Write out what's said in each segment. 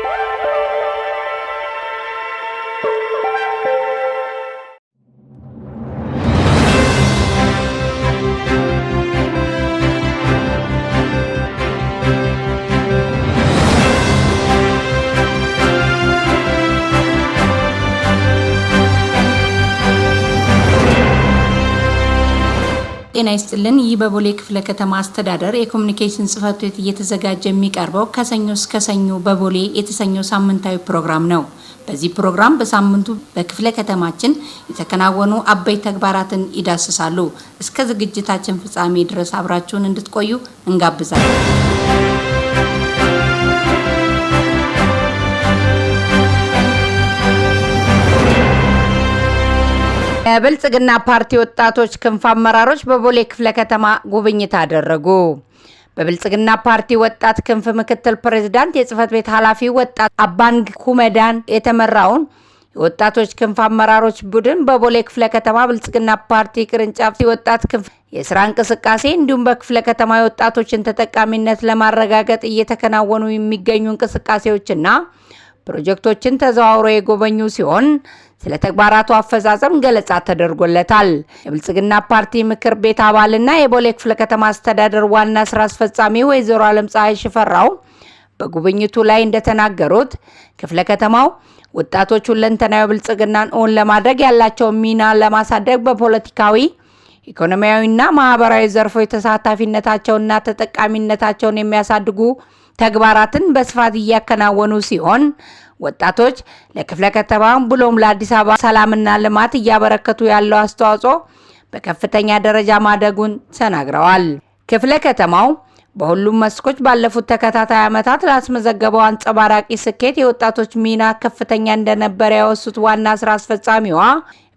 Bye. ጤና ይስጥልን። ይህ በቦሌ ክፍለ ከተማ አስተዳደር የኮሚኒኬሽን ጽፈት ቤት እየተዘጋጀ የሚቀርበው ከሰኞ እስከ ሰኞ በቦሌ የተሰኘው ሳምንታዊ ፕሮግራም ነው። በዚህ ፕሮግራም በሳምንቱ በክፍለ ከተማችን የተከናወኑ አበይ ተግባራትን ይዳስሳሉ። እስከ ዝግጅታችን ፍጻሜ ድረስ አብራችሁን እንድትቆዩ እንጋብዛለን። የብልጽግና ፓርቲ ወጣቶች ክንፍ አመራሮች በቦሌ ክፍለ ከተማ ጉብኝት አደረጉ። በብልጽግና ፓርቲ ወጣት ክንፍ ምክትል ፕሬዝዳንት የጽህፈት ቤት ኃላፊ ወጣት አባንግ ኩመዳን የተመራውን የወጣቶች ክንፍ አመራሮች ቡድን በቦሌ ክፍለ ከተማ ብልጽግና ፓርቲ ቅርንጫፍ ወጣት ክንፍ የስራ እንቅስቃሴ እንዲሁም በክፍለ ከተማ የወጣቶችን ተጠቃሚነት ለማረጋገጥ እየተከናወኑ የሚገኙ እንቅስቃሴዎችና ፕሮጀክቶችን ተዘዋውሮ የጎበኙ ሲሆን ስለ ተግባራቱ አፈጻጸም ገለጻ ተደርጎለታል። የብልጽግና ፓርቲ ምክር ቤት አባልና የቦሌ ክፍለ ከተማ አስተዳደር ዋና ስራ አስፈጻሚ ወይዘሮ አለም ፀሐይ ሽፈራው በጉብኝቱ ላይ እንደተናገሩት ክፍለ ከተማው ወጣቶች ሁለንተናዊ ብልጽግናን እውን ለማድረግ ያላቸውን ሚና ለማሳደግ በፖለቲካዊ ኢኮኖሚያዊና ማህበራዊ ዘርፎች ተሳታፊነታቸውና ተጠቃሚነታቸውን የሚያሳድጉ ተግባራትን በስፋት እያከናወኑ ሲሆን ወጣቶች ለክፍለ ከተማም ብሎም ለአዲስ አበባ ሰላምና ልማት እያበረከቱ ያለው አስተዋጽኦ በከፍተኛ ደረጃ ማደጉን ተናግረዋል። ክፍለ ከተማው በሁሉም መስኮች ባለፉት ተከታታይ ዓመታት ላስመዘገበው አንጸባራቂ ስኬት የወጣቶች ሚና ከፍተኛ እንደነበረ ያወሱት ዋና ስራ አስፈጻሚዋ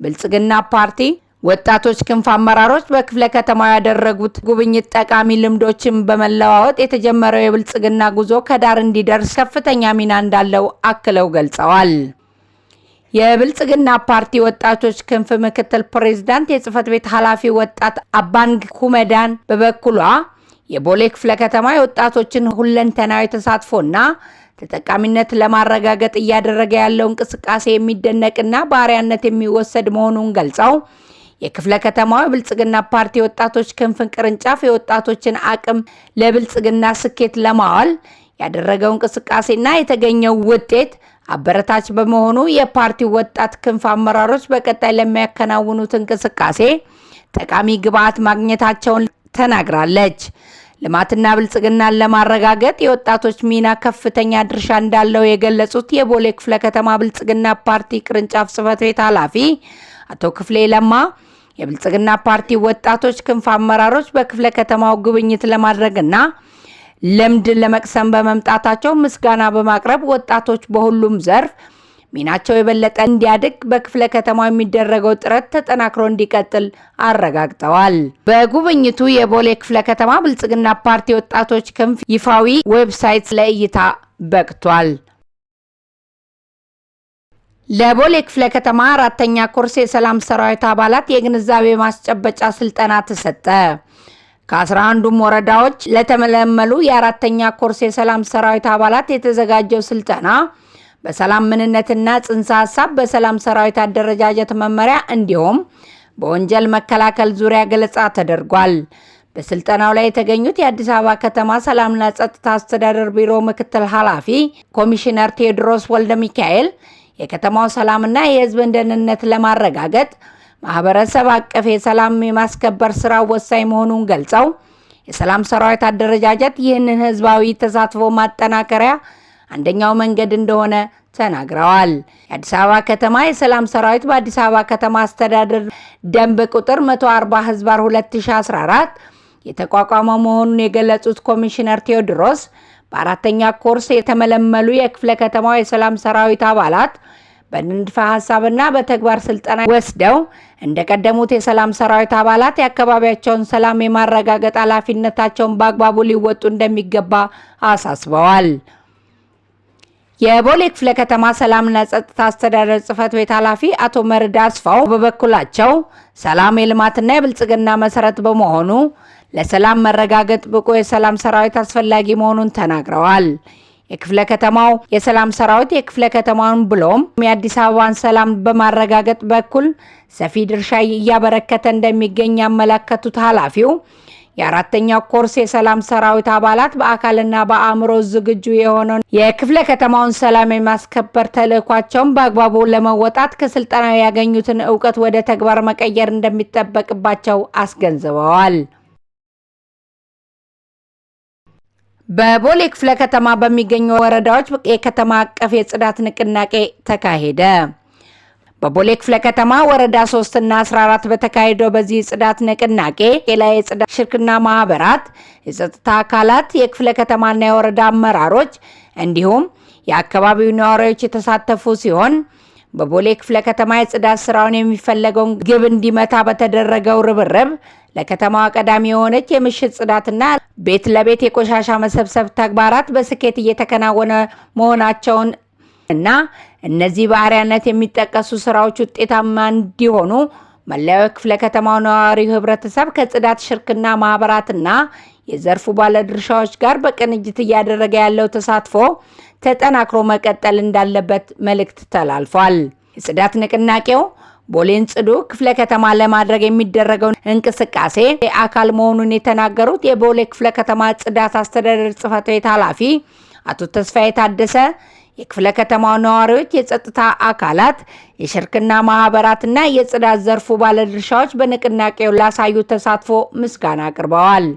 ብልጽግና ፓርቲ ወጣቶች ክንፍ አመራሮች በክፍለ ከተማው ያደረጉት ጉብኝት ጠቃሚ ልምዶችን በመለዋወጥ የተጀመረው የብልጽግና ጉዞ ከዳር እንዲደርስ ከፍተኛ ሚና እንዳለው አክለው ገልጸዋል። የብልጽግና ፓርቲ ወጣቶች ክንፍ ምክትል ፕሬዝዳንት የጽህፈት ቤት ኃላፊ ወጣት አባንግ ኩመዳን በበኩሏ የቦሌ ክፍለ ከተማ የወጣቶችን ሁለንተናዊ ተሳትፎና ተጠቃሚነት ለማረጋገጥ እያደረገ ያለው እንቅስቃሴ የሚደነቅና በአርአያነት የሚወሰድ መሆኑን ገልጸው የክፍለ ከተማው የብልጽግና ፓርቲ ወጣቶች ክንፍን ቅርንጫፍ የወጣቶችን አቅም ለብልጽግና ስኬት ለማዋል ያደረገው እንቅስቃሴና የተገኘው ውጤት አበረታች በመሆኑ የፓርቲው ወጣት ክንፍ አመራሮች በቀጣይ ለሚያከናውኑት እንቅስቃሴ ጠቃሚ ግብዓት ማግኘታቸውን ተናግራለች። ልማትና ብልጽግናን ለማረጋገጥ የወጣቶች ሚና ከፍተኛ ድርሻ እንዳለው የገለጹት የቦሌ ክፍለ ከተማ ብልጽግና ፓርቲ ቅርንጫፍ ጽፈት ቤት ኃላፊ አቶ ክፍሌ ለማ የብልጽግና ፓርቲ ወጣቶች ክንፍ አመራሮች በክፍለ ከተማው ጉብኝት ለማድረግና ልምድ ለመቅሰም በመምጣታቸው ምስጋና በማቅረብ ወጣቶች በሁሉም ዘርፍ ሚናቸው የበለጠ እንዲያድግ በክፍለ ከተማው የሚደረገው ጥረት ተጠናክሮ እንዲቀጥል አረጋግጠዋል። በጉብኝቱ የቦሌ ክፍለ ከተማ ብልጽግና ፓርቲ ወጣቶች ክንፍ ይፋዊ ዌብሳይት ለእይታ በቅቷል። ለቦሌ ክፍለ ከተማ አራተኛ ኮርስ የሰላም ሰራዊት አባላት የግንዛቤ ማስጨበጫ ስልጠና ተሰጠ። ከአስራ አንዱም ወረዳዎች ለተመለመሉ የአራተኛ ኮርስ የሰላም ሰራዊት አባላት የተዘጋጀው ስልጠና በሰላም ምንነትና ጽንሰ ሀሳብ በሰላም ሰራዊት አደረጃጀት መመሪያ እንዲሁም በወንጀል መከላከል ዙሪያ ገለጻ ተደርጓል። በስልጠናው ላይ የተገኙት የአዲስ አበባ ከተማ ሰላምና ጸጥታ አስተዳደር ቢሮ ምክትል ኃላፊ ኮሚሽነር ቴዎድሮስ ወልደ ሚካኤል የከተማው ሰላምና የህዝብን ደህንነት ለማረጋገጥ ማህበረሰብ አቀፍ የሰላም የማስከበር ስራ ወሳኝ መሆኑን ገልጸው የሰላም ሰራዊት አደረጃጀት ይህንን ህዝባዊ ተሳትፎ ማጠናከሪያ አንደኛው መንገድ እንደሆነ ተናግረዋል። የአዲስ አበባ ከተማ የሰላም ሰራዊት በአዲስ አበባ ከተማ አስተዳደር ደንብ ቁጥር 140 ህዝባር 2014 የተቋቋመ መሆኑን የገለጹት ኮሚሽነር ቴዎድሮስ በአራተኛ ኮርስ የተመለመሉ የክፍለ ከተማው የሰላም ሰራዊት አባላት በንድፈ ሀሳብና በተግባር ስልጠና ወስደው እንደ ቀደሙት የሰላም ሰራዊት አባላት የአካባቢያቸውን ሰላም የማረጋገጥ ኃላፊነታቸውን በአግባቡ ሊወጡ እንደሚገባ አሳስበዋል። የቦሌ ክፍለ ከተማ ሰላምና ጸጥታ አስተዳደር ጽህፈት ቤት ኃላፊ አቶ መርድ አስፋው በበኩላቸው ሰላም የልማትና የብልጽግና መሰረት በመሆኑ ለሰላም መረጋገጥ ብቁ የሰላም ሰራዊት አስፈላጊ መሆኑን ተናግረዋል። የክፍለ ከተማው የሰላም ሰራዊት የክፍለ ከተማውን ብሎም የአዲስ አበባን ሰላም በማረጋገጥ በኩል ሰፊ ድርሻ እያበረከተ እንደሚገኝ ያመለከቱት ኃላፊው የአራተኛው ኮርስ የሰላም ሰራዊት አባላት በአካልና በአእምሮ ዝግጁ የሆነውን የክፍለ ከተማውን ሰላም የማስከበር ተልዕኳቸውን በአግባቡ ለመወጣት ከስልጠና ያገኙትን እውቀት ወደ ተግባር መቀየር እንደሚጠበቅባቸው አስገንዝበዋል። በቦሌ ክፍለ ከተማ በሚገኙ ወረዳዎች የከተማ አቀፍ የጽዳት ንቅናቄ ተካሄደ። በቦሌ ክፍለ ከተማ ወረዳ 3 እና 14 በተካሄደው በዚህ ጽዳት ንቅናቄ ሌላ የጽዳት ሽርክና ማህበራት፣ የጸጥታ አካላት፣ የክፍለ ከተማና የወረዳ አመራሮች እንዲሁም የአካባቢው ነዋሪዎች የተሳተፉ ሲሆን በቦሌ ክፍለ ከተማ የጽዳት ስራውን የሚፈለገውን ግብ እንዲመታ በተደረገው ርብርብ ለከተማዋ ቀዳሚ የሆነች የምሽት ጽዳትና ቤት ለቤት የቆሻሻ መሰብሰብ ተግባራት በስኬት እየተከናወነ መሆናቸውን እና እነዚህ በአርአያነት የሚጠቀሱ ስራዎች ውጤታማ እንዲሆኑ መለያው ክፍለ ከተማው ነዋሪ ህብረተሰብ ከጽዳት ሽርክና ማህበራትና የዘርፉ ባለድርሻዎች ጋር በቅንጅት እያደረገ ያለው ተሳትፎ ተጠናክሮ መቀጠል እንዳለበት መልእክት ተላልፏል። የጽዳት ንቅናቄው ቦሌን ጽዱ ክፍለ ከተማ ለማድረግ የሚደረገው እንቅስቃሴ አካል መሆኑን የተናገሩት የቦሌ ክፍለ ከተማ ጽዳት አስተዳደር ጽሕፈት ቤት ኃላፊ አቶ ተስፋዬ ታደሰ የክፍለ ከተማው ነዋሪዎች፣ የጸጥታ አካላት፣ የሽርክና ማኅበራትና የጽዳት ዘርፉ ባለድርሻዎች በንቅናቄው ላሳዩ ተሳትፎ ምስጋና አቅርበዋል።